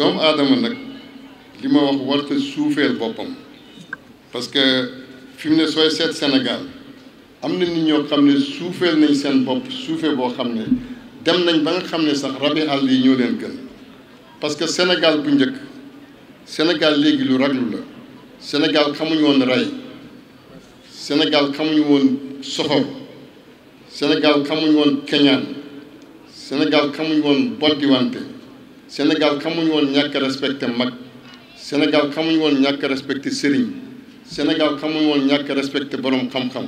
doomu aadama nag li ma wax warta suufeel boppam parce que fi mu ne sooy seet Sénégal am na nit ñoo xam ne suufeel nañ seen bopp suufee boo xam ne dem nañ ba nga xam ne sax rabi àll yi ñoo leen gën parce que Sénégal bu njëkk Sénégal léegi lu raglu la Sénégal xamuñu woon rey Sénégal xamuñu woon soxor Sénégal xamuñu woon keñaan Sénégal xamuñu woon boddiwante Sénégal xamuñu woon ñàkk respecté mag Sénégal xamuñu woon ñàkk respecté sëriñ Sénégal xamuñu woon ñàkk respecté borom xam-xam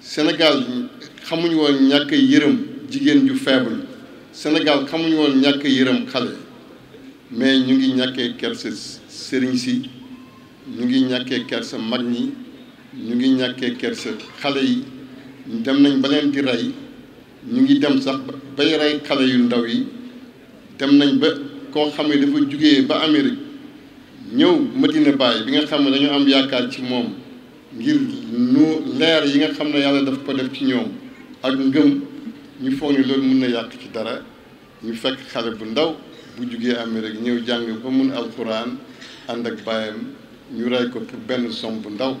Sénégal xamuñu woon ñàkk yërëm jigéen ju faible Sénégal xamuñu woon ñàkk yërëm xale mais ñu ngi ñàkkee kersa sëriñ si ñu ngi ñàkkee kersa mag ñi ñu ngi ñàkkee kersa xale yi dem nañ ba leen di rey ñu ngi dem sax bay rey xale yu ndaw yi dem nañ ba koo xam ne dafa jugee ba Amérique ñëw Medina Baye bi nga xam ne dañu am yaakaar ci moom ngir nu leer yi nga xam ne yàlla daf ko def ci ñoom ak ngëm ñu foog ni loolu mun na yàq ci dara ñu fekk xale bu ndaw bu jugee Amérique ñëw jàng ba mun alxuraan ànd ak baayam ñu rey ko pour benn somme bu ndaw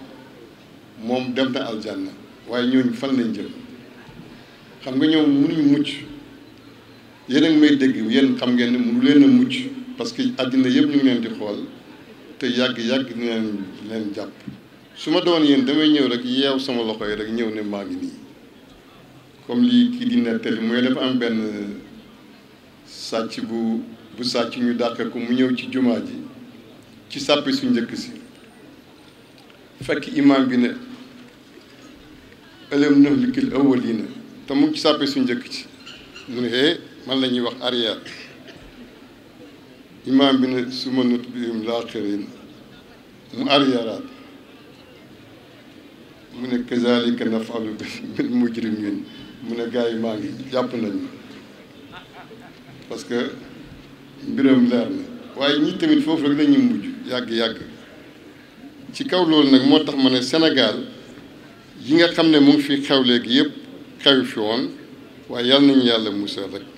moom dem na aljanna waaye ñooñu fan lañ jëm xam nga ñoom mënuñu mucc yeneen a ngi may dégg yéen xam ngeen ne mënu leen a mucc parce que àddina yëpp ñu ngi leen di xool te yàgg-yàgg ñu leen jàpp su ma doon yéen damay ñëw rek yeew sama loxo yi rek ñëw ne maa ngi nii comme lii kii di mu mooy dafa am benn sàcc bu bu sàcc ñu dàq ko mu ñëw ci jumaa ji ci sàppi su njëkk si fekk imaam bi ne ëlëm na likil awwaliina te mu ci sàppi su njëkk ci mu ne eh, man la ñuy wax arrière imaam bi ne su ma nut bihim laaxirin mu arrièraat mu ne kazalika nafalu bil mujrimin mu ne gars yi maa ngi jàpp nañu parce que mbiram leer na waaye ñi tamit foofu rek lañuy mujj yàgg-yàgg ci kaw loolu nag moo tax ma ne Sénégal yi nga xam ne mu ngi fi xew léegi yëpp xew fi woon waaye yàlla nañu yàlla musal rek